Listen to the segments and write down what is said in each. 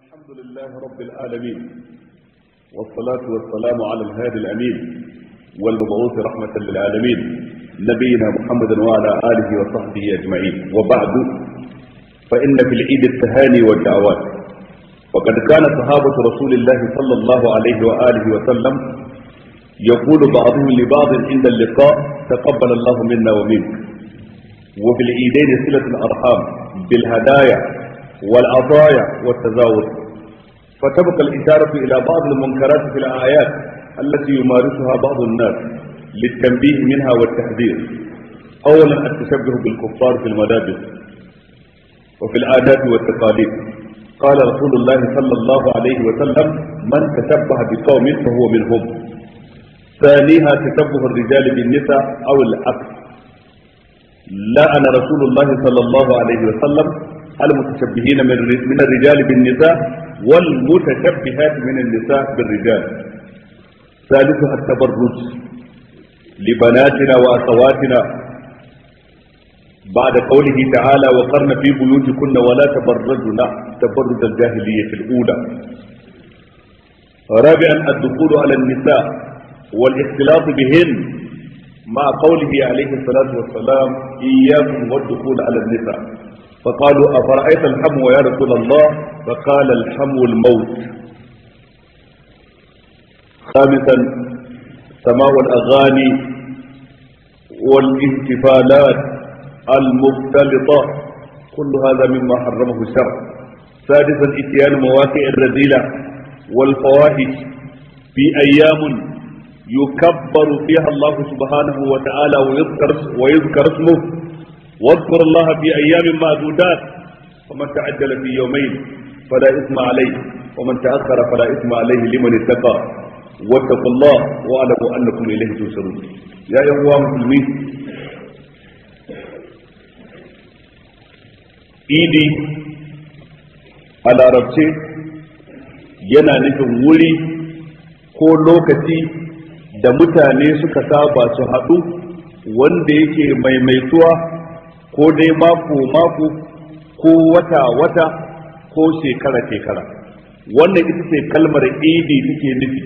الحمد لله رب العالمين والصلاة والسلام على الهادي الأمين والمبعوث رحمة للعالمين نبينا محمد وعلى آله وصحبه أجمعين وبعد فإن في العيد التهاني والدعوات وقد كان صحابة رسول الله صلى الله عليه وآله وسلم يقول بعضهم لبعض عند اللقاء تقبل الله منا ومنك وفي العيدين صلة الأرحام بالهدايا والعطايا والتزاوج فتبقى الإشارة إلى بعض المنكرات في الآيات التي يمارسها بعض الناس للتنبيه منها والتحذير أولا التشبه بالكفار في الملابس وفي العادات والتقاليد قال رسول الله صلى الله عليه وسلم من تشبه بقوم فهو منهم ثانيها تشبه الرجال بالنساء أو العكس أنا رسول الله صلى الله عليه وسلم المتشبهين من من الرجال بالنساء والمتشبهات من النساء بالرجال ثالثها التبرج لبناتنا واخواتنا بعد قوله تعالى وقرن في بيوتكن ولا تبرجن تبرج الجاهلية الأولى رابعا الدخول على النساء والاختلاط بهن مع قوله عليه الصلاة والسلام إياكم والدخول على النساء فقالوا أفرأيت الحم يا رسول الله فقال الحم الموت خامسا سماع الأغاني والاحتفالات المختلطة كل هذا مما حرمه الشرع سادسا اتيان مواقع الرذيلة والفواحش في أيام يكبر فيها الله سبحانه وتعالى ويذكر, ويذكر اسمه واذكر الله في أيام معدودات ومن تعجل في يومين فلا إثم عليه ومن تأخر فلا إثم عليه لمن اتقى واتقوا الله واعلموا أنكم إليه تنصرون يا أيها المسلمين إيدي على larabce yana nufin wuri ko lokaci da mutane suka saba su haɗu wanda yake maimaituwa ko dai mako mako ko wata wata ko shekara shekara wannan ita ce kalmar idi take nufi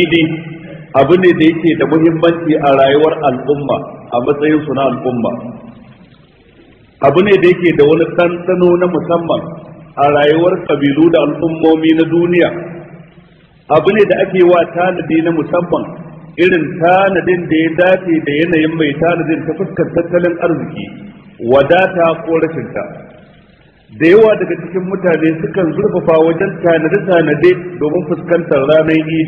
idi abu ne da yake da muhimmanci a rayuwar al'umma a matsayin su na al'umma abu ne da yake da wani tantano na musamman a rayuwar kabilu da al'ummomi na duniya abu ne da ake wa tanadi na musamman irin tanadin da ya dace da yanayin mai tanadin ta fuskar tattalin arziki wadata ko rashinta da yawa daga cikin mutane sukan zurfafa wajen tanadi-tanadi domin fuskantar ranar idi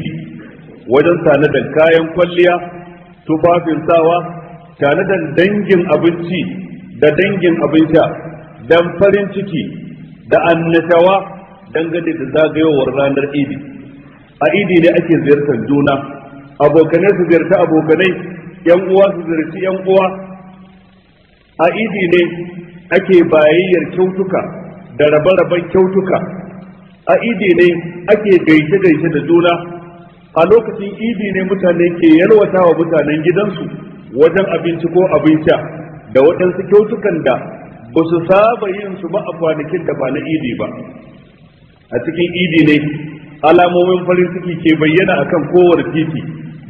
wajen tanadar kayan kwalliya tufafin sawa tanadar dangin abinci da dangin abin sha don farin ciki da annashawa dangane da zagayowar ranar idi a idi ne ake ziyartar juna abokanai su ziyarci abokanai yan uwa su ziyarci yan uwa a idi ne ake bayayyar kyautuka da rabe-raben kyautuka a idi ne ake gaishe-gaishe da juna a lokacin idi ne mutane ke yalwata wa mutanen gidansu wajen abinci ko abin sha da waɗansu kyautukan da ba su saba yin su ba a kwanakin da ba na idi ba a cikin idi ne alamomin farin ciki ke bayyana akan kowane titi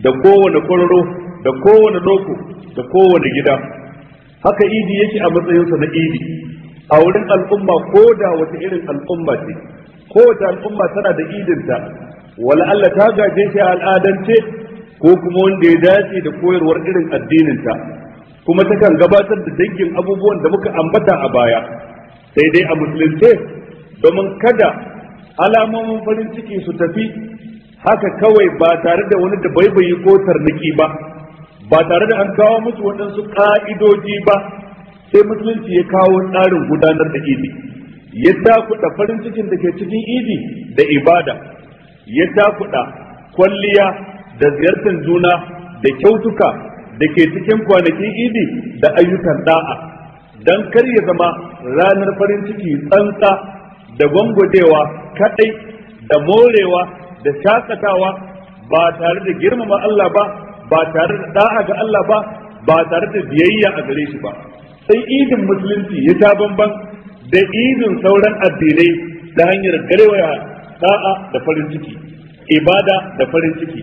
da kowane kwararo da kowane loko da kowane gida haka idi yake a matsayinsa na idi a wurin al'umma ko da wata irin al'umma ce ko wata al'umma tana da idinta wala Allah ta gaje shi a al'adance ko kuma wanda ya dace da koyarwar irin addininta kuma takan gabatar da dangin abubuwan da muka ambata a baya sai dai a musulunce domin kada alamomin farin ciki su tafi haka kawai ba tare da wani da baibayi ko tarniki ba ba tare da an kawo musu waɗansu ƙa'idoji ba sai musulunci ya kawo tsarin gudanar da idi ya takuɗa farin cikin da ke cikin idi da ibada ya takuɗa kwalliya da ziyartar juna da kyautuka da ke cikin kwanakin idi da ayyukan da'a don kar ya zama ranar farin ciki tsantsa da gwangwajewa kadai da morewa da shakatawa ba tare da girmama Allah ba ba tare da da'a ga Allah ba ba tare da biyayya a gare shi ba sai idin musulunci ya ta bamban da idin sauran addinai da hanyar garewaya da'a da farin ciki ibada da farin ciki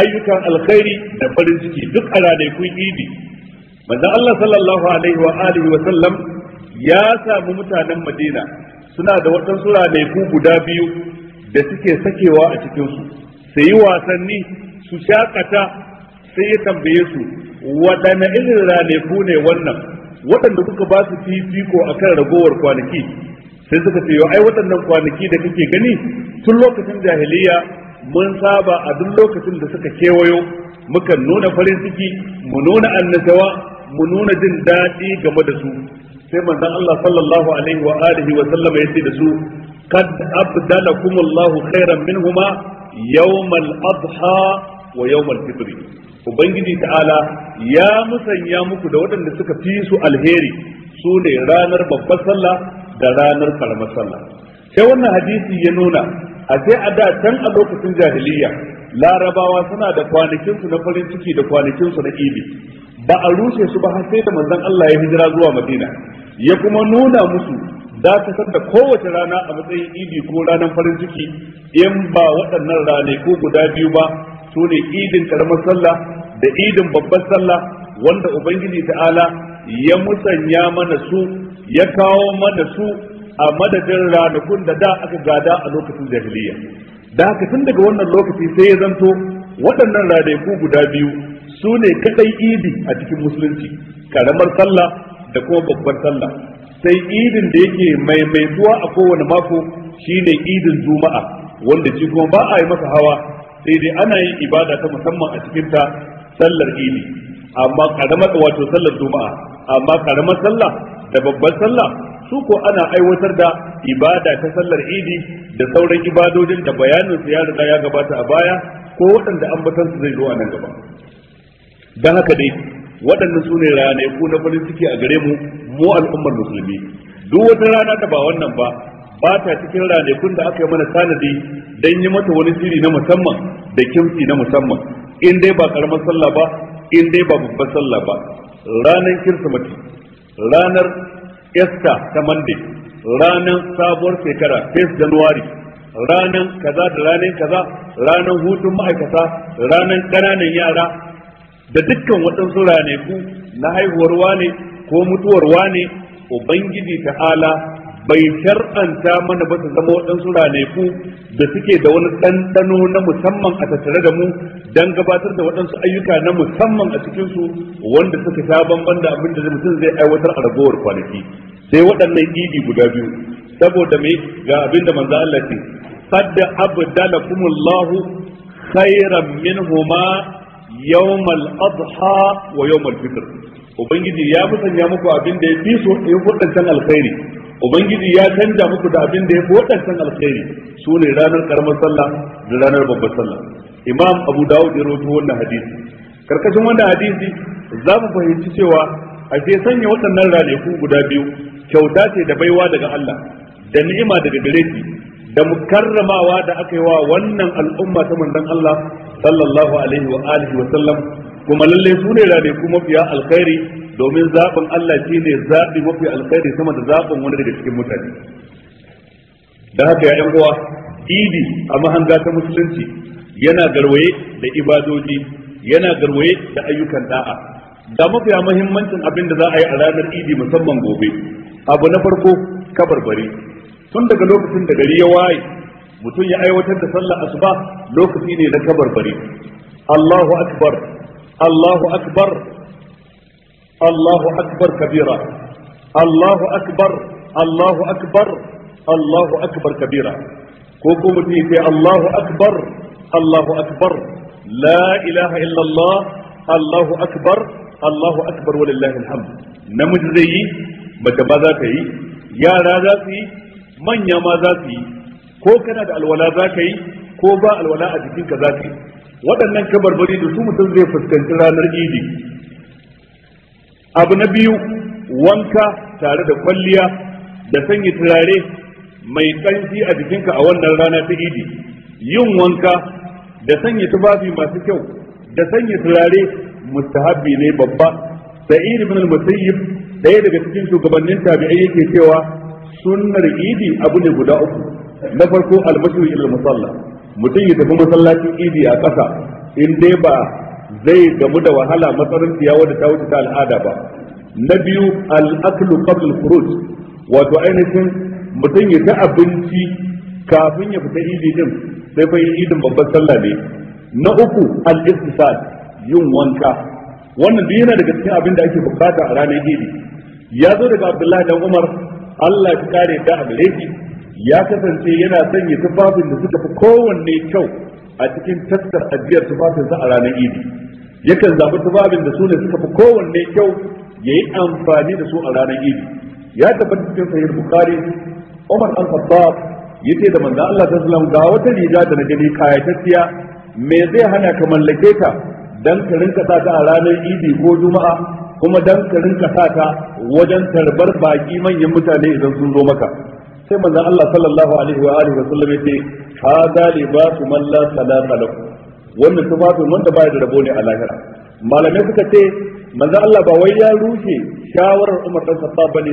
ayyukan alkhairi da farin ciki duk a ranakun idi manzo Allah sallallahu alaihi wa alihi wa sallam ya samu mutanen Madina suna da waɗansu ranaku guda biyu da suke sakewa a cikinsu su yi wasanni su shakata sai ya tambaye su waɗanne irin ranaku ne wannan waɗanda kuka ba su fifiko a kan ragowar kwanaki sai suka ce ai waɗannan kwanaki da kake gani tun lokacin jahiliya mun saba a duk lokacin da suka kewayo mukan nuna farin ciki mu nuna annasawa mu nuna jin daɗi game da su sai manzon Allah sallallahu alaihi wa alihi wa sallama yace da su kad abdalakum Allahu khairan minhuma yawmal adha wa yawmal fitr ubangiji ta'ala ya musanya muku da waɗanda suka fi su alheri su ne ranar babbar sallah da ranar karamar sallah sai wannan hadisi ya nuna a sai a da can a lokacin jahiliya larabawa suna da kwanakinsu na farin ciki da kwanakinsu na ibi ba a rushe su ba har sai da manzon Allah ya hijira zuwa Madina ya kuma nuna musu dakatar da kowace rana a matsayin idi ko ranar farin ciki in ba waɗannan ranai ko guda biyu ba su ne idin karamar sallah da idin babbar sallah wanda ubangiji ta'ala ya musanya mana su ya kawo mana su a madadin ranakun da da aka gada a lokacin jahiliya da haka tun daga wannan lokaci sai ya zanto waɗannan ranai ko guda biyu su ne kaɗai idi a cikin musulunci karamar sallah da kuma babban sallah sai idin da yake maimaituwa a kowane mako shine idin juma'a wanda shi kuma ba a yi masa hawa sai dai ana yin ibada ta musamman a cikin ta sallar idi amma karamar wato sallar juma'a amma karamar sallah da babbar sallah su ko ana aiwatar da ibada ta sallar idi da sauran ibadojin da bayanin su ya riga ya gabata a baya ko waɗanda ambatan su zai zo a nan gaba dan haka dai waɗannan su ne ranaku na farin ciki a gare mu mu al'ummar musulmi duk wata rana da ba wannan ba ba ta cikin ranakun da aka yi mana tanadi dan yi mata wani shiri na musamman da kimsi na musamman in dai ba karamar sallah ba in dai ba babbar sallah ba ranar kirsimati ranar esta ta mande ranar sabuwar shekara 1 january ranan kaza da ranar kaza ranar hutun ma'aikata ranar kananan yara da dukkan waɗansu raneku na haihuwar wane ko mutuwar wane ubangiji ta ta'ala bai shar'anta mana ba su zama waɗansu raneku da suke da wani ɗanɗano na musamman a tattare da mu don gabatar da waɗansu ayyuka na musamman a cikinsu wanda suka sha bamban da abin da mutum zai aiwatar a ragowar kwanaki sai waɗannan idi guda biyu saboda me ga abin da manzo Allah ce qad abdalakumullahu khairan minhuma yawmal adha wa yawmal fitr ubangiji ya musanya muku abin da ya fi so ya wadancan alkhairi ubangiji ya canza muku da abin da ya fi wadancan alkhairi sune ranar karamar sallah da ranar babbar sallah imam abu dawud ya rawaito wannan hadisi karkashin wannan hadisi za mu fahimci cewa a je sanya waɗannan ranaku guda biyu kyauta ce da baiwa daga Allah da ni'ima daga gare da mukarramawa da aka yi wa wannan al'umma ta mandan Allah sallallahu alaihi wa alihi wa sallam kuma lalle su ne mafiya kuma alkhairi domin zaɓin Allah shi ne zaɓi mafi alkhairi sama da zaɓin wani daga cikin mutane da haka ya uwa idi a mahanga ta musulunci yana garwaye da ibadoji yana garwaye da ayyukan da'a da mafiya muhimmancin abin da za a yi a ranar idi musamman gobe abu na farko kabarbari tun daga lokacin da gari ya waye mutum ya aiwatar da sallar asuba lokaci ne na kabarbari Allahu akbar Allahu akbar Allahu akbar kabira Allahu akbar Allahu akbar Allahu akbar kabira ko ko mutum ya Allahu akbar Allahu akbar la ilaha illallah Allahu akbar Allahu akbar walillahi alhamd namiji zai yi mace ba za ta yi yara za su yi manya ma za su yi ko kana da alwala za ka yi ko ba alwala a jikinka za ka yi waɗannan kabarbari da su mutum zai fuskanci ranar idi abu na biyu wanka tare da kwalliya da sanya turare mai ƙanshi a jikinka a wannan rana ta idi yin wanka da sanya tufafi masu kyau da sanya turare mustahabbi ne babba sa'id ibn al-musayyib ɗaya daga cikin shugabannin tabi'ai yake cewa sunnar idi abu ne guda uku na farko almasu ilal musalla mutum ya tafi masallacin idi a ƙasa in dai ba zai gamu da wahala matsarin ciyawa wanda ta wuce ta al'ada ba na biyu al'aklu qabl khuruj wato ainihin mutum ya ta abinci kafin ya fita idi din sai fa idin babban sallah ne na uku al-istisal yin wanka wannan duk yana daga cikin abin da ake bukata a ranar idi ya zo daga Abdullahi dan Umar Allah ya kare ka a ya kasance yana sanya tufafin da suka fi kowanne kyau a cikin taskar ajiyar tufafinsa a ranar idi yakan zaɓi tufafin da su ne suka fi kowanne kyau ya yi amfani da su a ranar idi ya tabbata cikin sahih bukhari umar al khattab yace da manzo Allah sallallahu alaihi wasallam ga wata riga da na gani kayatacciya me zai hana ka mallake ta dan ka rinka sa ta a ranar idi ko juma'a kuma dan ka rinka sa ta wajen tarbar baki manyan mutane idan sun zo maka sai manzon Allah sallallahu alaihi wa alihi wa sallam yace hada libasu man la salata lahu wannan tufafin wanda baya da rabo ne a lahira malamai suka ce manzon Allah ba wai ya rushe shawarar Umar dan Khattab bane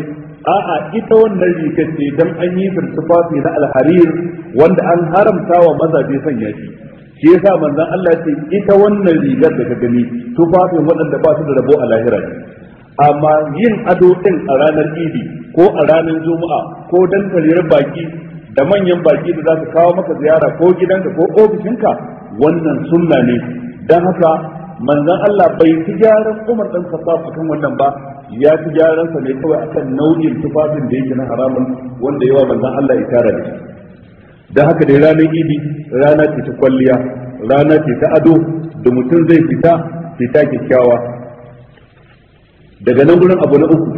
a'a ita wannan riga ce dan an yi tufafi na alharir wanda an haramta wa mazaje sanya shi shi yasa manzon Allah ce ita wannan rigar da ka gani tufafin waɗanda ba su da rabo a lahira ne amma yin ado din a ranar idi ko a ranar juma'a ko dan kariyar baki da manyan baki da za su kawo maka ziyara ko gidanka ko ofishinka wannan sunna ne dan haka manzon Allah bai ci gyaran Umar dan Khattab akan wannan ba ya ci gyaran sa ne kawai akan nau'in tufafin da yake na haramun wanda yawa manzon Allah ya tara da shi da haka dai ranar idi rana ce ta kwalliya rana ce ta ado da mutum zai fita fita kyakkyawa daga nan gurin abu na uku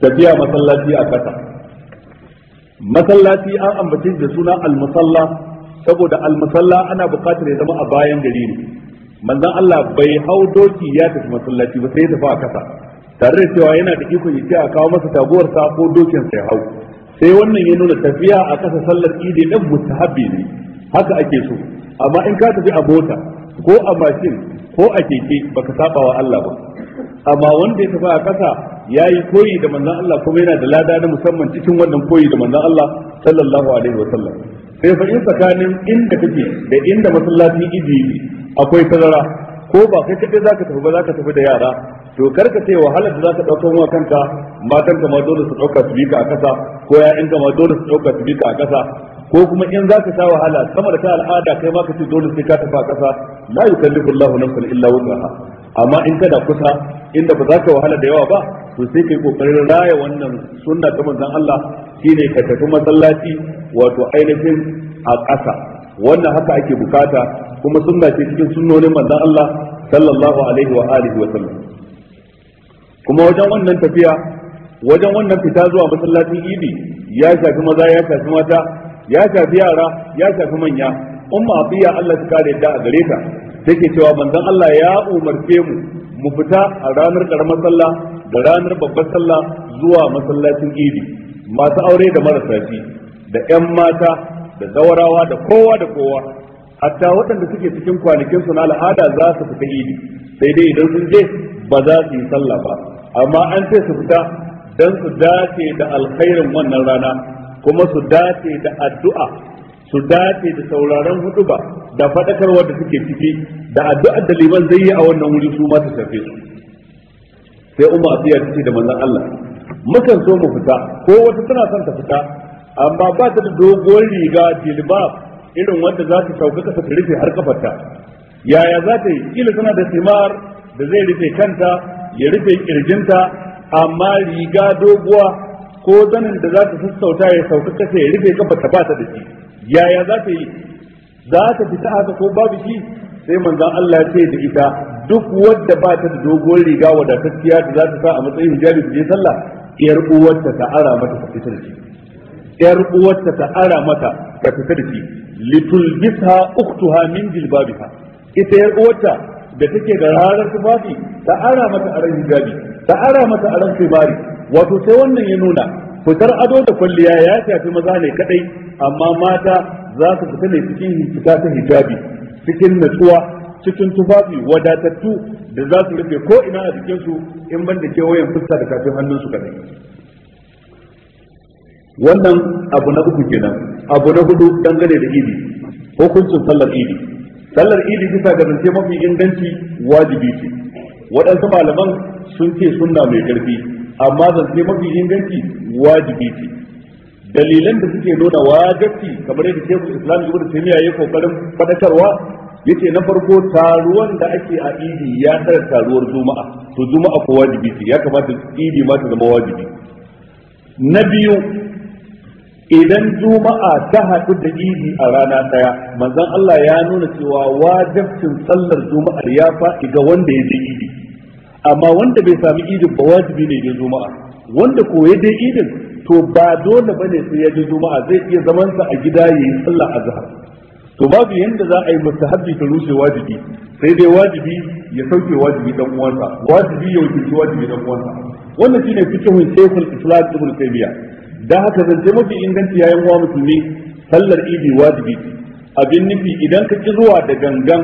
tafiya masallaci a kasa masallaci an ambace da suna almasalla saboda almasalla ana buƙatar ya zama a bayan gari ne manzon Allah bai hau doki ya tafi masallaci ba sai ya tafi a kasa tare da cewa yana da ikon ya ce a kawo masa taguwarsa ko dokinsa ya hau sai wannan ya nuna tafiya a ƙasa sallar idi dan mustahabbi ne haka ake so amma in ka tafi a mota ko a mashin ko a keke baka saba wa Allah ba amma wanda ya tafi a ya yayi koyi da manzon Allah kuma yana da lada na musamman cikin wannan koyi da manzon Allah sallallahu alaihi sallam sai fa in tsakanin inda kake da inda masallacin idi akwai tazara ko ba kai kaɗai za ka tafi ba za ka tafi da yara to kar ka ce wahalar da za ka ɗauka kanka matan ka ma dole su ɗauka su bika a ƙasa ko ya'yan ka ma dole su ɗauka su bika a ƙasa ko kuma in zaka ka sha wahala sama da ta al'ada kai ma ka ce dole sai ka tafi a ƙasa la yukallifu nafsan illa wus'aha amma in da kusa inda ba za ka wahala da yawa ba to sai kai kokarin raya wannan sunna ta manzon Allah shine ka tafi masallaci wato ainihin a ƙasa wannan haka ake bukata kuma sunna ce cikin sunnonin manzon Allah sallallahu alaihi wa alihi wa sallam kuma wajen wannan tafiya wajen wannan fita zuwa masallacin idi ya shafi maza ya shafi mata ya shafi yara ya shafi manya umma afiya Allah ta kare da a gare ta take cewa manzon Allah ya umarce mu mu fita a ranar karamar sallah da ranar babbar sallah zuwa masallacin idi masu aure da marasa da 'yan mata da zawarawa da kowa da kowa hatta waɗanda suke cikin kwanakin su na al'ada za su fita idi sai dai idan sun je ba za su yi sallah ba amma an ce su fita dan su dace da alkhairin wannan rana kuma su dace da addu'a su dace da sauraron huduba da faɗakar da suke ciki da addu'ar da liman zai yi a wannan wuri su ma ta shafe su sai umma asiya ta da manzon Allah mukan so mu fita ko wata tana son ta fita amma ba ta da doguwar riga jilbab irin wanda za ta sauka kasa ta rufe har kafarta yaya za ta yi kila tana da simar da zai rufe kanta ya rufe kirjinta amma riga doguwa ko zanin da za ta sassauta ya sauka kasa ya rufe kafarta ba ta da shi yaya za ta yi za ta fita haka ko babu shi sai manzon Allah ya ce da ita duk wadda ba ta da doguwar riga wadatacciya da za ta sa a matsayin hijabi ta je sallah yar uwarta ta ara mata ta fita da shi yar uwarta ta ara mata ta fita da shi litulbisha uktuha min jilbabiha ita yar uwarta da take da rarar tufafi ta ara mata aran hijabi ta ara mata aran sibari wato sai wannan ya nuna fitar ado da kwalliya ya shafi maza ne kadai amma mata za su fita ne cikin fita ta hijabi cikin natsuwa cikin tufafi wadatattu da za su rufe ko ina a jikinsu in ban da kewayen fuska da kafin hannunsu kadai wannan abu na uku kenan abu na hudu dangane da idi hukuncin sallar idi sallar idi bisa ga zance mafi inganci wajibi ce waɗansu malaman sun ce sunna mai ƙarfi amma zance mafi inganci wajibi ce dalilan da suke nuna wajibi kamar yadda shekul islam ibn taymiya ya kokarin fadakarwa yace na farko taruwan da ake a idi ya tsara taruwar juma'a to juma'a ko wajibi ce ya kamata idi ma ta zama wajibi na biyu idan juma'a ta haɗu da idi a rana ɗaya manzon Allah ya nuna cewa wajibcin sallar juma'a ya faɗi ga wanda ya je idi amma wanda bai sami idin ba wajibi ne ya juma'a wanda ko ya je idin to ba dole bane sai ya je juma'a zai iya zamansa a gida yayi a azhar to babu yanda za a yi mustahabbi ta rushe wajibi sai dai wajibi ya sauke wajibi dan uwansa wajibi ya wuce wajibi dan uwansa wannan shine fikihun shaykhul islam ibn taymiyyah Da haka zance mafi inganci yayin wa musulmi sallar idi wajibi abin nufi idan ka ki zuwa da gangan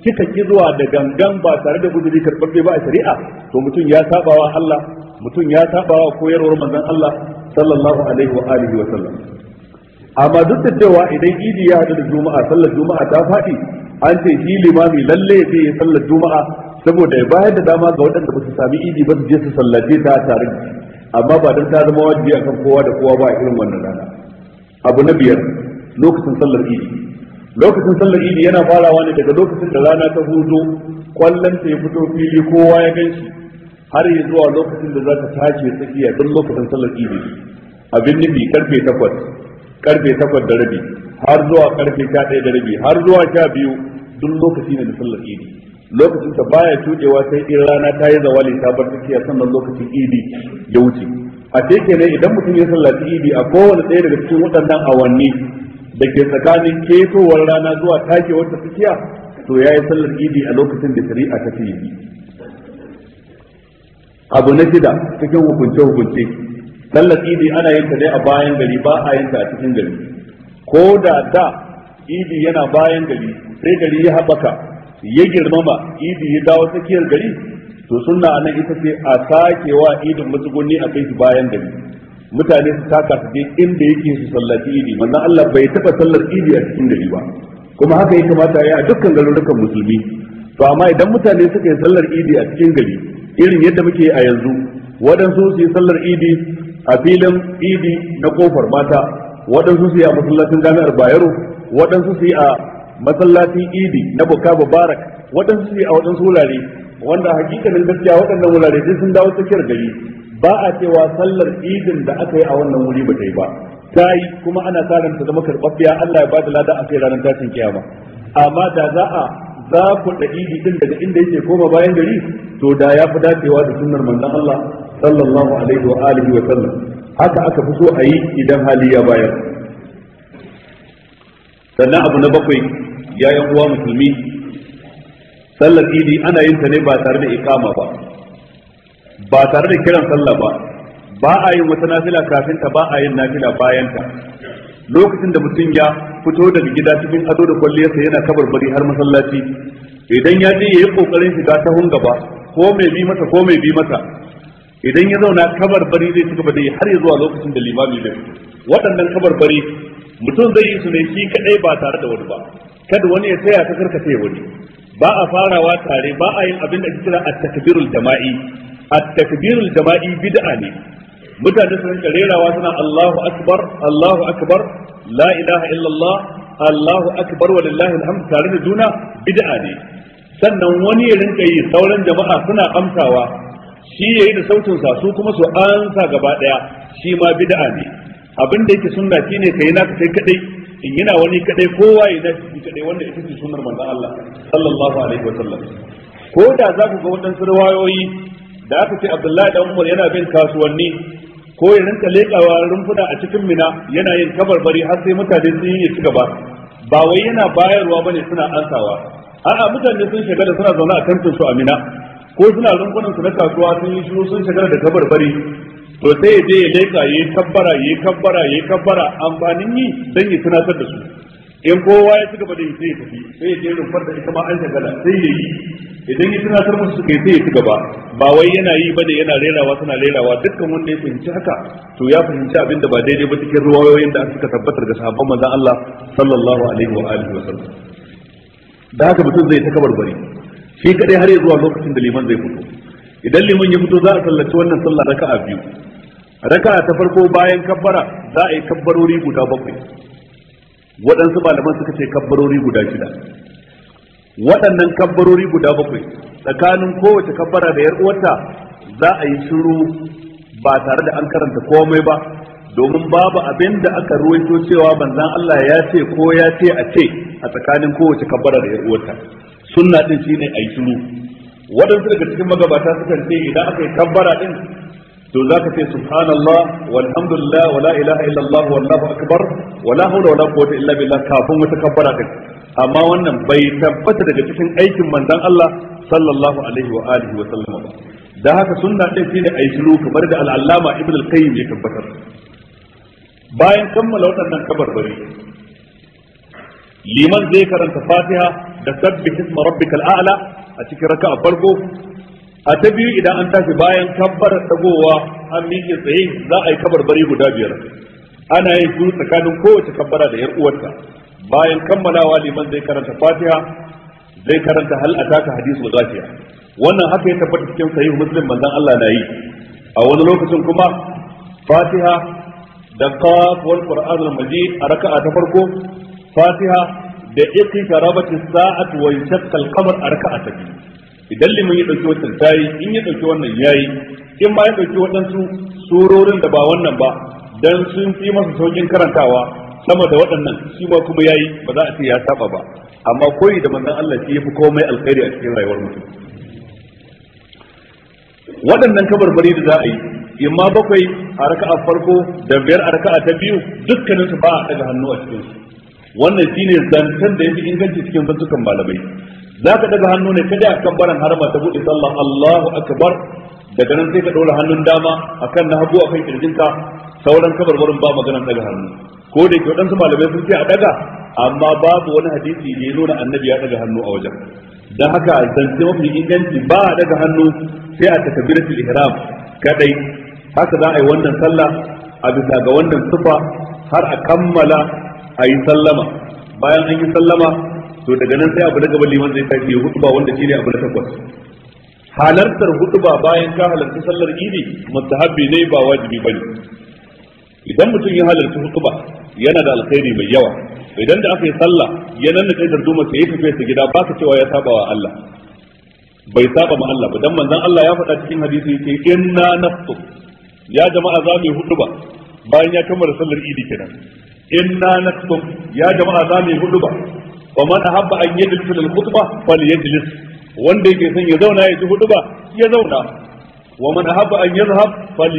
kika ki zuwa da gangan ba tare da guduri karɓaɓɓe ba a shari'a to mutum ya sabawa Allah mutum ya sabawa koyarwar manzon Allah sallallahu alaihi wa alihi wa sallam amma duk da cewa idan idi ya haɗu da juma'a sallar juma'a ta faɗi an ce shi limami lalle ya yi sallar juma'a saboda ya bayar da dama ga waɗanda ba su sami idi ba su je su sallace ta tare amma ba don ta zama wajibi a kan kowa da kowa ba irin wannan rana abu na biyar lokacin sallar idi lokacin sallar idi yana farawa ne daga lokacin da rana ta hudu kwallon ta ya fito fili kowa ya gan shi har ya zuwa lokacin da za ta tashi tsakiya don lokacin sallar idi abin nufi karfe takwas karfe takwas da rabi har zuwa karfe sha ɗaya da rabi har zuwa sha biyu duk lokaci ne da sallar idi lokacin ta baya tudewa sai in rana ta yi zawali ta bar tsakiya sannan lokacin idi ya wuce a ce kenan idan mutum ya sallaci idi a kowane ɗaya daga cikin waɗannan awanni da ke tsakanin ketowar rana zuwa takewar ta tsakiya to ya yi sallar idi a lokacin da shari'a ta fi abu na shida cikin hukunce-hukunce sallar idi ana yin ta dai a bayan gari ba a yin ta a cikin gari ko da da idi yana bayan gari sai gari ya haɓaka ya girmama idi ya dawo tsakiyar gari to sunna nan ita ce a sakewa wa idin matsuguni a kai bayan gari mutane su taka su je inda yake su sallaci idi manzon Allah bai taba sallar idi a cikin gari ba kuma haka ya kamata ya a dukkan garurukan musulmi to amma idan mutane suka yi sallar idi a cikin gari irin yadda muke a yanzu waɗansu su yi sallar idi a filin idi na kofar mata waɗansu su yi a masallacin jami'ar bayero waɗansu su yi a masallacin idi na buka barak waɗansu ne a waɗansu wurare wanda hakikanin gaskiya waɗannan wurare sai sun dawo tsakiyar gari ba a cewa sallar idin da aka yi a wannan wuri ba ta yi ba ta yi kuma ana sa ran ta zama karɓaɓɓiya Allah ya ba da lada akai ranar tashin kiyama amma da za a za ku da idi din daga inda yake koma bayan gari to da ya fi dacewa da sunnar manzon Allah sallallahu alaihi wa alihi wa sallam haka aka fi so a yi idan hali ya bayar sannan abu na bakwai ya yan uwa musulmi sallar idi ana yin ta ne ba tare da ikama ba ba tare da kiran sallah ba ba a yin wata nafila kafin ta ba a yin nafila bayan ta lokacin da mutum ya fito daga gida cikin ado da kwalliyarsa yana kabarbari har masallaci idan ya je yayi kokarin shiga ta gaba ko mai bi masa ko mai bi masa idan ya zauna bari zai cika gaba da har ya zuwa lokacin da limami zai waɗannan bari mutum zai yi su ne shi kadai ba tare da wani ba kada wani ya taya ta karkace wani ba a farawa tare ba a yin abin da ake kira at-takbirul jama'i at-takbirul jama'i bid'a ne mutane su rinka rerawa suna Allahu akbar Allahu akbar la ilaha illallah Allahu akbar wa lillahi alhamd tare da juna bid'a ne sannan wani ya rinka yi sauran jama'a suna amsawa shi yayi da sautin sa su kuma su ansa gaba daya shi ma bid'a ne abin da yake sunna shine kai naka kai kadai in yana wani kadai kowa ya dace shi kadai wanda ita ce sunnar manzon Allah sallallahu alaihi wa ko da za ku ga waɗansu riwayoyi da aka ce Abdullahi da Umar yana bin kasuwanni ko ya rinka leƙawa rumfuna a cikin mina yana yin kabarbari har sai mutane sun yi ci gaba ba wai yana bayarwa bane suna ansawa a'a mutane sun shiga da suna zaune a kantin su a mina ko suna rumfunan su na kasuwa sun yi shiru sun shiga da kabarbari to sai ya je ya leka yi kabbara ya yi kabbara yi kabbara amfanin yi dan ya tunatar da su in kowa ya ci gaba da yi sai ya tafi sai ya je rumfar da ita ma an shagala sai ya yi idan ya tunatar musu kai sai ya ci gaba ba wai yana yi ba da yana rerawa suna rerawa dukkan wanda ya fahimci haka to ya fahimci abin da ba daidai ba cikin ruwayoyin da suka tabbatar ga sahabban manzon Allah sallallahu alaihi wa alihi wa sallam da haka mutum zai ta kabarbari shi kadai har ya zuwa lokacin da liman zai fito idan liman ya fito za a sallaci wannan sallah raka'a biyu raka'a ta farko bayan kabbara za a yi kabbarori guda bakwai waɗansu malaman suka ce kabbarori guda shida waɗannan kabbarori guda bakwai tsakanin kowace kabbara da yar uwarta za a yi shiru ba tare da an karanta komai ba domin babu abin da aka ruwaito cewa banzan Allah ya ce ko ya ce a ce a tsakanin kowace kabbara da yar uwarta sunna din shine a yi shiru waɗansu daga cikin magabata sukan ce idan aka yi kabbara ɗin to za ka ce subhanallah walhamdulillah wala ilaha illallah wallahu akbar wala hawla wala quwwata illa billah kafin wata kabbara ɗin amma wannan bai tabbata daga cikin aikin manzon Allah sallallahu alaihi wa alihi wa sallam ba da haka sunna din shine aisiru kamar da al-allama ibn al-qayyim ya tabbatar bayan kammala waɗannan kabarbari liman zai karanta fatiha da sabbi isma rabbikal a'la a cikin raka, a farko a ta biyu idan an tafi bayan kabbar dagowa an miƙe tsaye za a yi kabarbari guda biyar ana yin su tsakanin kowace kabbara da yar uwarta bayan kammalawa liman zai karanta fatiha zai karanta hal hadisu da zafiya. wannan haka ya tabbata cikin sahih muslim manzon Allah na yi a wani lokacin kuma fatiha da qaf wal qur'an a majid a raka'a ta farko fatiha da iqi karabati sa'atu wa yashqa al-qamar a ta biyu idan limin ya dauki wannan tayi in yi dauki wannan yayi in ba ya dauki waɗansu surorin da ba wannan ba dan sun fi masa saukin karantawa sama da waɗannan shi ma kuma yayi ba za a ce ya saba ba amma koyi da manzon Allah shi yafi komai alkhairi a cikin rayuwar mutum waɗannan kabarbari da za a yi imma bakwai a raka'a farko da biyar a raka'a ta biyu dukkanin su ba a daga hannu a cikin su wannan shine zantan da yafi inganci cikin zantukan malamai zaka daga hannu ne kada kan baran harama ta bude sallah Allahu akbar daga nan sai ka dora hannun dama akan na hagu akan kirjinka sauran kabarbarin ba maganan daga hannu ko da waɗansu wadansu malamai sun ce a daga amma babu wani hadisi da ya nuna annabi ya daga hannu a wajen dan haka zance mafi inganci ba a daga hannu sai a takbiratul ihram kadai haka za a yi wannan sallah a bisa ga wannan sufa har a kammala a yi sallama bayan an yi sallama to daga nan sai abu na gaba liman zai tafi hutuba wanda shi ne abu na takwas halartar hutuba bayan ka halarci sallar idi mustahabbi ne ba wajibi ne. idan mutum ya halarci hutuba yana da alkhairi mai yawa idan da aka yi sallah ya nan da kaidar duma sai ya tafi sa gida ba ka cewa ya saba wa Allah bai saba ma Allah ba dan manzon Allah ya faɗa cikin hadisi yake inna nafsu ya jama'a za mu yi hutuba bayan ya kammala sallar idi kenan inna naktum ya jama'a za mu yi hudu ba wa man ahabba an yajlis lil khutba yajlis wanda yake son ya zauna ya ji hudu ba ya zauna wa man ahabba an yadhhab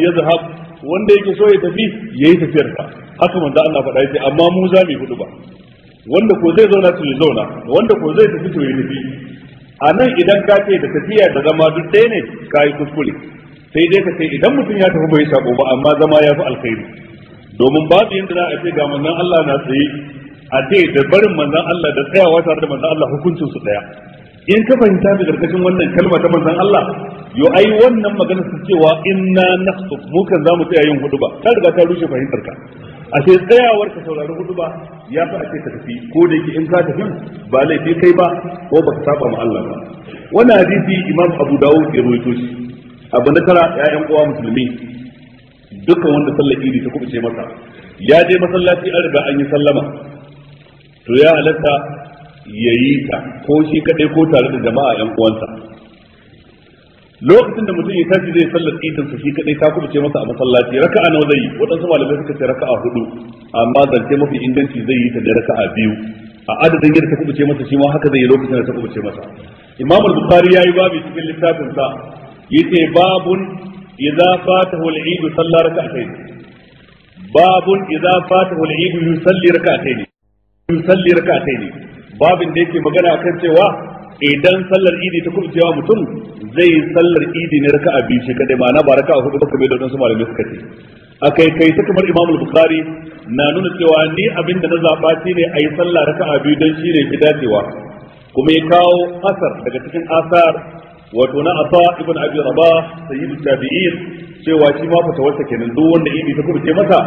yadhhab wanda yake so ya tafi yayi tafiyar ka haka manzo Allah faɗa yace amma mu za mu yi hudu ba wanda ko zai zauna to ya zauna wanda ko zai tafi to ya tafi a nan idan ka ce da tafiya da zama duk ɗaya ne ka yi kuskure sai dai ka ce idan mutum ya tafi bai sako ba amma zama ya fi alkhairi domin babu yadda za a ce ga manzon Allah na tsaye a ce da barin manzon Allah da tsayawa tare da manzon Allah hukuncin su daya in ka fahimta da karkashin wannan kalma ta manzon Allah yo ai wannan magana su cewa inna naqtu mu kan zamu tsaya yin huduba ka riga ka rushe fahimtar ka a ce tsayawar ka saurari huduba ya fi a ce ka tafi ko da yake in ka tafi ba laifi kai ba ko baka saba ma Allah ba wannan hadisi Imam Abu Dawud ya rawaito shi abu na tara ya'yan uwa musulmi dukkan wanda sallar idi ta kubuce masa ya je masallaci an riga an yi sallama to ya halatta ya yi ta ko shi kadai ko tare da jama'a yan uwansa lokacin da mutum ya tashi zai sallar idin sa shi kadai ta kubuce masa a masallaci raka'a nawa zai yi waɗansu malamai suka ce raka'a hudu amma zance mafi inganci zai yi ta da raka'a biyu a adadin yadda ta kubuce masa shi ma haka zai yi lokacin da ta kubuce masa Imamul bukhari yayi babu cikin littafin sa yace babun idza fatahu al-eid salla rak'atayn babun idza fatahu al-eid yusalli rak'atayn yusalli rak'atayn babin da yake magana akan cewa idan sallar idi ta kuma cewa mutum zai sallar idi ne raka'a biyu shi kadai ma'ana ba raka'a hudu ba kamar da su malamai suka ce a kai kai ta kamar Imam Bukhari na nuna cewa ni abin da na zaba ne ayi sallah raka'a biyu dan shine fi dacewa kuma ya kawo asar daga cikin asar wato na asa ibn abi rabah sayyidu tabi'in cewa shi ma fatawarsa kenan duk wanda idi ta kubuce masa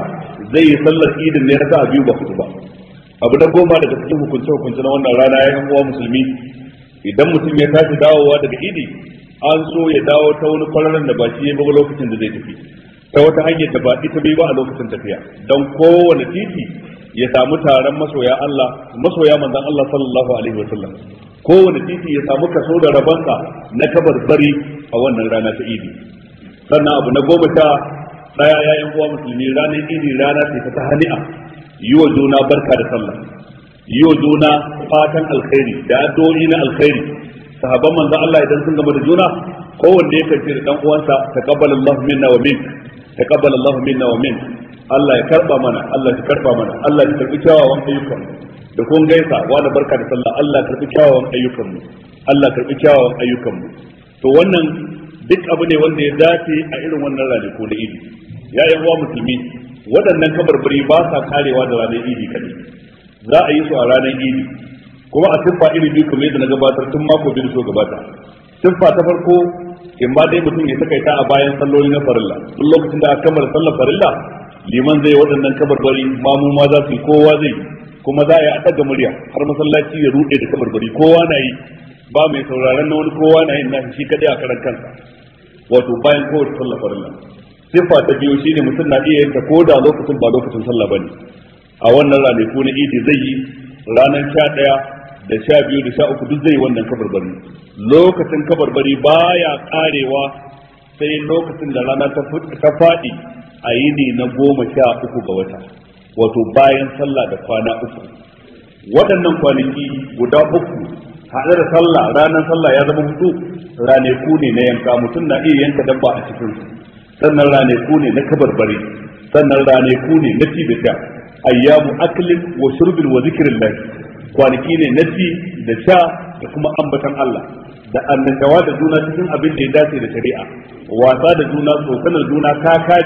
zai yi sallar idin ne raka'a biyu ba kudu ba abu da goma daga cikin hukunce hukunce na wannan rana ya uwa musulmi idan mutum ya tashi dawowa daga idi an so ya dawo ta wani kwararren da ba shi ya ba lokacin da zai tafi ta wata hanyar da ba ita bai ba a lokacin tafiya don kowane titi ya samu taron masoya Allah masoya manzon Allah sallallahu alaihi wasallam kowane titi ya samu kaso da rabansa na kabarbari a wannan rana ta idi sannan abu na goma sha daya yayin uwa musulmi ranar idi rana ce ta tahani'a yi wa juna barka da sallah yi wa juna fatan alkhairi da addu'o'i na alkhairi sahabban manzon Allah idan sun gama da juna kowanne ya kace da dan uwansa taqabbalallahu minna wa mink taqabbalallahu minna wa mink Allah ya karba mana Allah ya karba mana Allah ya karbi kyawawan ayyukan da kun gaisa wa wani barka da sallah Allah karbi kyawawan ayyukan mu Allah karbi kyawawan ayyukan mu to wannan duk abu ne wanda ya dace a irin wannan ko na idi ya yi wa musulmi waɗannan kabarbari ba sa karewa da ranar idi kaɗai. za a yi su a ranar idi kuma a siffa iri biyu kamar yadda na gabatar tun mako biyu so gabata siffa ta farko in ba dai mutum ya sakaita a bayan salloli na farilla duk lokacin da aka kammala sallar farilla liman zai waɗannan kabarbari mu ma za su yi kowa zai yi kuma za a yi a ɗaga murya har masallaci ya ruɗe da kabarbari kowa na yi ba mai sauraron na wani kowa na yin na shi kaɗai a karan kansa wato bayan kowace sallah farilla siffa ta biyu shine mutum na iya yin ta ko da lokacin ba lokacin sallah ne. a wannan ranaku na idi zai yi ranar sha ɗaya da sha biyu da sha uku duk zai yi wannan kabarbari lokacin kabarbari baya karewa sai lokacin da rana ta faɗi a ne na goma sha uku ga wata wato bayan sallah da kwana uku waɗannan kwanaki guda uku haɗe da sallah ranar sallah ya zama hudu ku ne na yanka mutum na iya yanka dabba a cikin sannan rane ku ne na kabarbare sannan rane ku ne na ci da sha ayyamu aklin wa shurbin wa zikirin lafi kwanaki ne na ci da sha da kuma ambatan Allah da annashawa da juna cikin abin da ya dace da shari'a wasa da juna tsokanar juna kaci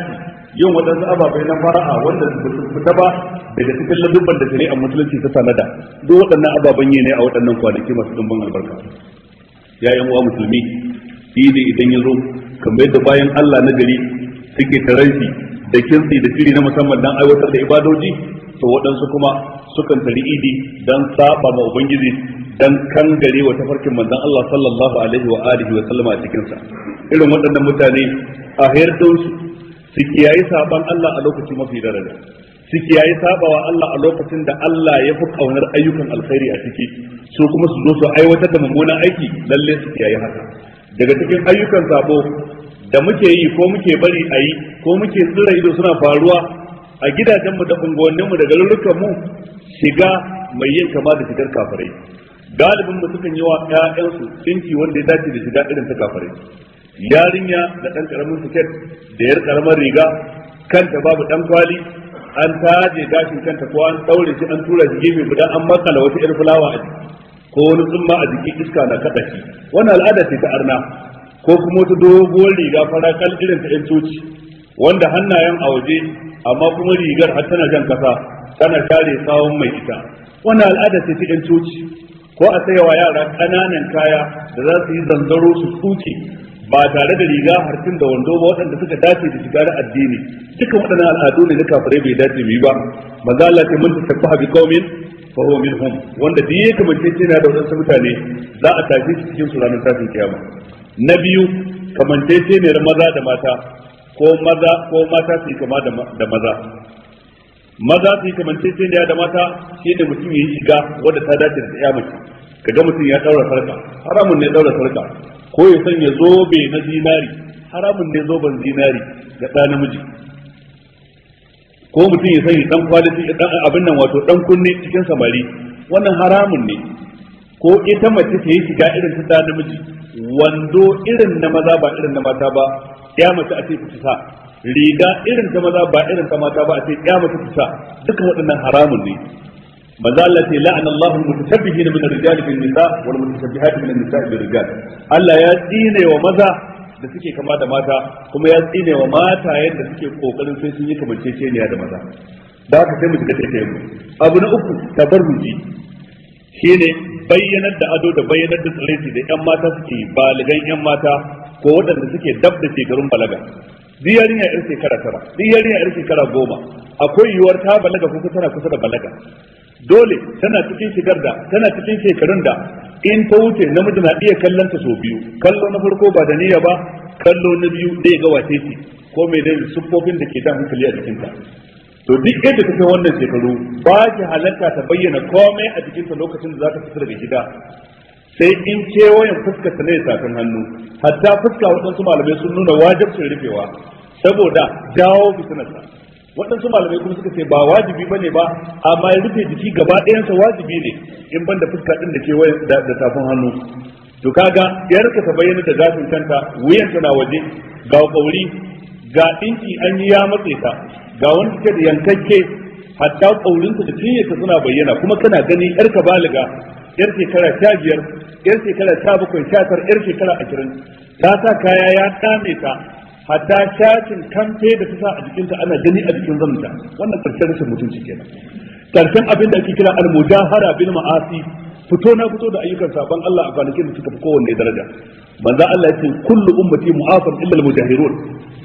yin waɗansu ababai na fara'a wanda su fita ba daga cikin ladubban da shari'a musulunci ta sanada duk waɗannan ababen yi ne a waɗannan kwanaki masu dumban albarka ya yan uwa musulmi ne idan ya zo kamar yadda bayan Allah na gari suke taranci da kinsi da shiri na musamman dan aiwatar da ibadoji to waɗansu kuma sukan tari idi dan saba ma ubangiji dan kangare wa tafarkin manzon Allah sallallahu alaihi wa alihi wa sallama a cikin sa irin waɗannan mutane a hayardun su su kiyayi saban Allah a lokacin mafi daraja su kiyayi sabawa Allah a lokacin da Allah ya fi kaunar ayyukan alkhairi a ciki su kuma su zo su aiwatar da mummunan aiki lalle su kiyayi haka daga cikin ayyukan sabo da muke yi ko muke bari a yi ko muke tsira ido suna faruwa a gidajenmu da unguwanninmu da mu shiga mai yin kama da shigar kafirai galibin mu sukan yi wa ƴaƴansu tsinki wanda ya dace da shiga irin ta kafirai yarinya da ɗan ƙaramin siket da yar ƙaramar riga kanta babu ɗan kwali an taje gashin kanta ko an ɗaure shi an tura shi gefe guda an makala wata ƴar fulawa a jiki ko wani tsumma a jiki iska na kaɗa shi wannan al'ada ce ta arna ko kuma wata doguwar riga fara kal irin ta ƴan coci wanda hannayen a waje amma kuma rigar har tana jan kasa tana share sawun mai ita wannan al'ada ce ta yan coci ko a sayawa yara kananan kaya da za su yi zanzaro su tsuke ba tare da riga tun da wando ba waɗanda suka dace da shigar da addini duka waɗannan al'adu ne na kafirai bai dace mu yi ba Maza Allah ce mun tasabbaha bi qaumin fa huwa minhum wanda duk yake mun ce na da wasu mutane za a tashi cikin su ranar kiyama na biyu kamance ne maza da mata ko maza ko mata su yi kama da maza maza su yi cikin da mata shi da mutum ya yi shiga wadda ta dace da ya mace kaga mutum ya daura sarka haramun ne daura sarka ko ya sanya zobe na zinari haramun ne zoben zinari ga ɗa namiji ko mutum ya sanya dan dan abin nan wato dan kunne cikin samari wannan haramun ne ko ita mace ta yi shiga irin ta namiji wando irin na maza ba irin na mata ba ya mace a ce ta sa riga irin ta maza ba irin ta mata ba a ce ya mace ta sa dukkan waɗannan haramun ne manzo Allah ce la'ana Allahu mutashabbihin min ar-rijal bil nisa wal mutashabbihat min an-nisa bil rijal Allah ya tsine wa maza da suke kama da mata kuma ya tsine wa mata yadda suke kokarin sai sun yi kamanceceniya da maza da haka sai mu shiga tafiya abu na uku tabarruji shine bayyanar da ado da bayyanar da su da yan mata suke baligan yan mata ko waɗanda suke dab da shekarun balaga duk yarinya yar shekara tara duk yarinya yar shekara goma akwai yiwuwar ta balaga ko tana kusa da balaga dole tana cikin shigar da tana cikin shekarun da in ta wuce namiji na iya kallon ta sau biyu kallo na farko ba da niyya ba kallo na biyu dai ga wace ce ko mai da siffofin da ke da hankali a jikinta. to duk yadda ta kai wannan shekaru ba ki halatta ta bayyana komai a jikinta lokacin da za ta fita daga gida sai in kewayen fuskar ta ne hannu hatta fuska waɗansu malamai sun nuna wajibcin rufewa saboda dawo fitinarsa waɗansu malamai kuma suka ce ba wajibi bane ba amma ya rufe jiki gaba ɗayansa wajibi ne in ban da fuska ɗin da kewayen da tafin hannu to kaga yarka ta bayyana da zafin kanta wuyan na waje ga kauri ga ɗinki an yi ya matse ta ga wanda ke da yankakke hatta kaurinsa da cinyarsa suna bayyana kuma kana gani yar ka baliga yar shekara sha biyar yar shekara sha bakwai sha tar yar shekara ashirin ta sa kaya ya dame ta hatta shatin kamfe da ta sa a jikinta ana gani a jikin zanta wannan karshen rashin mutunci kenan karshen abin da ake kira al-mujahara bil ma'asi fito na fito da ayyukan saban Allah a kwanakin da suka fi kowanne daraja manzo Allah ya ce kullu ummati mu'afan illa al-mujahirun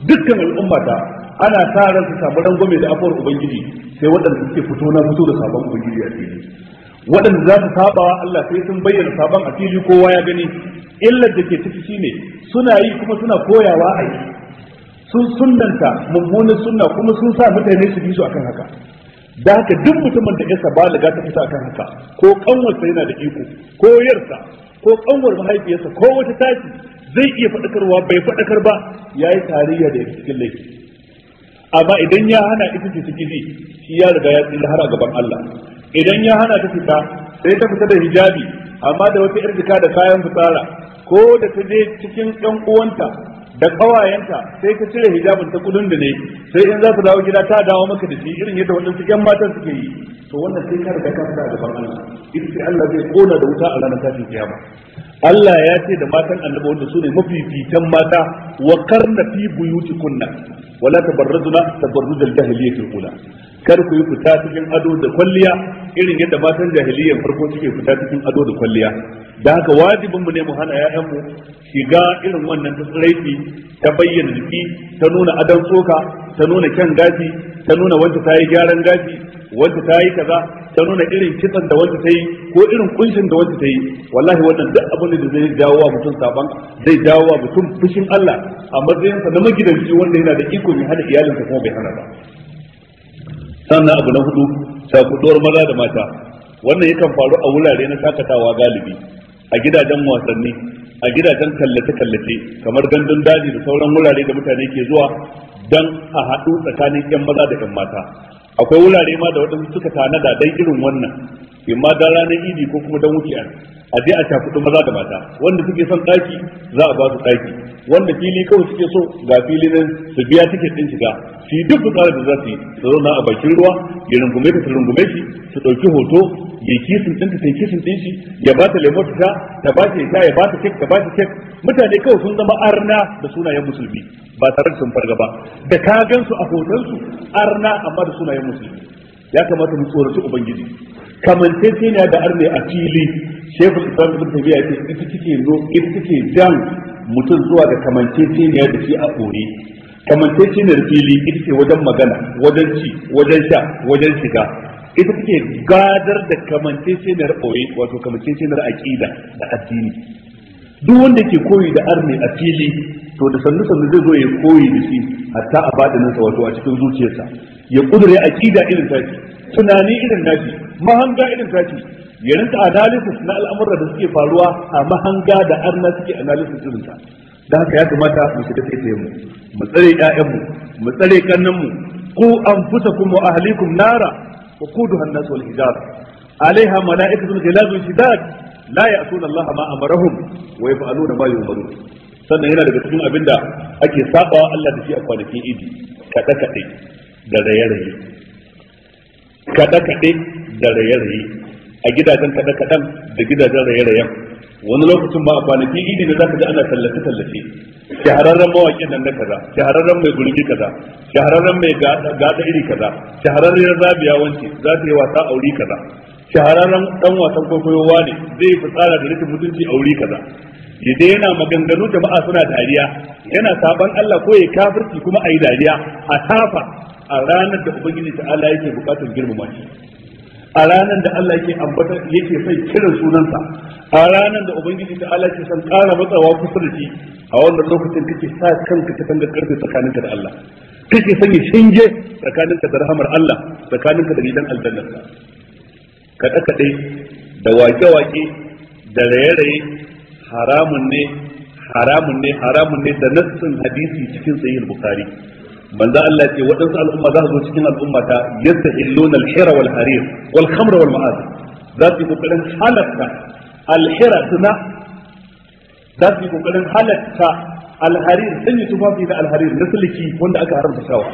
dukkan al'ummata ana sa su samu rangwame da afuwar ubangiji sai waɗanda suke fito na fito da sabon ubangiji a fili waɗanda za su saba Allah sai sun bayyana sabon a fili kowa ya gani illar da ke ciki shine suna yi kuma suna koyawa a yi sun sunnanta mummunan sunna kuma sun sa mutane su bi su akan haka da haka duk mutumin da ya saba ta fita akan haka ko kanwarsa yana da iko ko yarsa ko kanwar mahaifiyarsa ko wata tashi zai iya faɗakarwa bai faɗakar ba ya yi tarayya da cikin laifi amma idan ya hana ita ce ciki ne shi ya riga ya tsira har a gaban Allah idan ya hana ta fita sai ta fita da hijabi amma da wata jika da kayan fitsara ko da ta je cikin ɗan uwanta da kawayenta sai ta cire hijabin ta kudin da ne sai in za su dawo gida ta dawo maka da shi irin yadda waɗansu ƴan matan suke yi to wannan sai ka riga ka fita da ban Allah in sai Allah zai kona da wuta a ranar tashin kiyama Allah ya ce da matan annabawa wanda su ne mafifitan mata wa karna fi buyutikunna wala tabarrujna tabarrujal jahiliyyati ula kar ku yi fita cikin ado da kwalliya irin yadda matan jahiliyyar farko suke fita cikin ado da kwalliya da haka wajibin mu ne mu hana ƴaƴanmu shiga irin wannan ta tsiraifi ta bayyana jiki ta nuna adon tsoka ta nuna kyan gashi ta nuna wanda ta yi gyaran gashi wanda ta yi kaza ta nuna irin kitsan da wanda ta yi ko irin kunshin da wanda ta yi wallahi wannan duk abin da zai jawo wa mutum saban zai jawo wa mutum fushin Allah a matsayinsa na magidanci wanda yana da iko ya hana iyalinsa kuma bai hana ba sannan abu na hudu cakuduwar maza da mata wannan yakan faru a wurare na shakatawa galibi a gidajen wasanni a gidajen kallace-kallace kamar gandun daji da sauran wurare da mutane ke zuwa don a haɗu tsakanin 'yan maza da 'yan mata akwai wurare ma da waɗansu suka tanada dai irin wannan imma dan ranar idi ko kuma dan wuce a je a shafuɗi maza da mata wanda suke son ɗaki za a ba su ɗaki wanda fili kawai suke so ga fili nan su biya tiket ɗin shiga shi duk duk tsara da za su yi su zauna a bakin ruwa ya rungume ta su rungume shi su ɗauki hoto ya kisin din ta kisin din shi ya ba ta lemo ta ta ba ta ya ba ta kek ta ba ta kek mutane kawai sun zama arna da sunayen musulmi ba tare da sun farga ba da ka gansu a hotonsu arna amma da sunayen musulmi ya kamata mu tsoraci ubangiji kamantacce da arne a fili shafin islam ibn ya ce ita take zo ita take jan mutum zuwa ga sai ne da shi a kore sai ne da fili ita ce wajen magana wajen ci wajen sha wajen shiga ita take gadar da sai ne da kore wato sai ne da aqida da addini duk wanda ke koyi da arni a fili to da sannu sannu zai zo ya koyi da shi hatta a badaninsa wato a cikin zuciyarsa ya kudure aqida irin taki tunani irin naki mahanga irin taki ya rinka analysis na al'amura da suke faruwa a mahanga da arna suke analysis irin ta da haka ya kamata mu shiga tsaye mu mu tsare ƴaƴanmu mu tsare kannanmu ku anfusakum wa ahlikum nara وقودها الناس والحجارة alaiha malaikatu غلاظ شداد la sunan Allah ma amarahum wa yaf'aluna ma yu'marun sannan yana daga cikin abinda ake sabawa Allah da shi a kwanakin idi kade da raye-raye kada kade da raye-raye a gidajen kada kadan da gidajen raye-rayen wani lokacin ba a kwanakin idi ne zaka ji ana tallace tallace shahararren mawaƙin nan na kaza shahararren mai gurgi kaza shahararren mai gada iri kaza shahararren rabiya wance za ta yi wasa aure kaza shahararren dan wasan kwaikwayowa ne zai fi tsara da rikin mutunci a wuri kaza idan yana maganganu jama'a suna dariya yana saban Allah ko ya kafirci kuma ayi dariya a tafa a ranar da ubangiji ta Allah yake bukatar girmama shi a ranar da Allah yake ambatar yake sai kiran sunansa a ranar da ubangiji ta Allah yake san kara matsawa kusa da shi a wannan lokacin kake sa kanka ta tanga karfe tsakaninka da Allah kake sanya shinge tsakaninka da rahamar Allah tsakaninka da gidan aljannarsa kaɗe-kaɗe da wake-wake da raye-raye haramun ne haramun ne haramun ne da nassin hadisi cikin sahih bukhari manzo Allah ce waɗansu al'umma za su zo cikin al'ummata yadda illunal hira wal harir wal khamra wal ma'ad za su yi kokarin halatta alhira tuna za su yi kokarin halatta alharir sanya tufafi da alharir na siliki wanda aka haramta shawa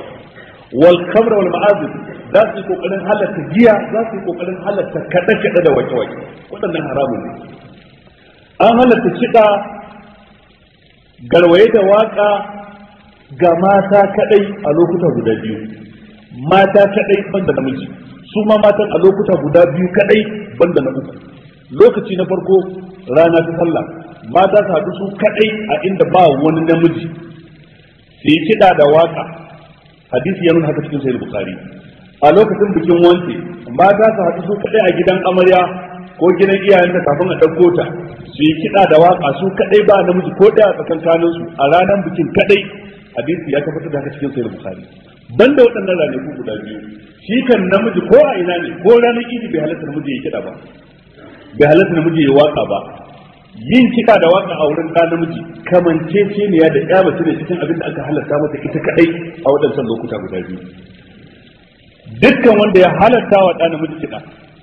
wal kamra wal ma'azin za su yi kokarin halatta giya za su yi kokarin halatta kaɗa kaɗa da wake wake waɗannan haramun ne an halatta kiɗa garwaye da waƙa ga mata kaɗai a lokuta guda biyu mata ban banda namiji su ma matan a lokuta guda biyu kaɗai banda na uku lokaci na farko rana ta sallah mata su haɗu su kaɗai a inda ba wani namiji su yi kiɗa da waƙa hadisi ya nuna haka cikin sahih bukhari a lokacin bikin wance mata su haɗu su kaɗai a gidan amarya ko gidan iyayenta kafin a ɗauko ta su yi kiɗa da waƙa su kaɗai ba namiji ko ɗaya a tsakankanin su a ranar bikin kaɗai hadisi ya tabbatar da haka cikin sahih bukhari banda waɗannan ranaku guda biyu shi kan namiji ko a ina ne ko ranar idi bai halatta namiji ya kiɗa ba bai halatta namiji ya waka ba yin cika da waka a wurin ɗan namiji kamanceceniya da ya mace ne cikin abin da aka halatta mata ita kaɗai a waɗansan lokuta guda biyu dukkan wanda ya halatta wa ɗan namiji cika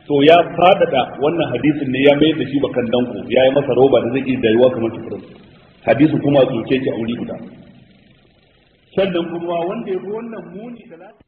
to ya faɗaɗa wannan hadisin ne ya mayar da shi bakan danko ya yi masa roba da zai iya dayuwa kamar tukurin hadisin kuma tsoke ki a wuri guda sannan kuma wanda ya bi wannan muni da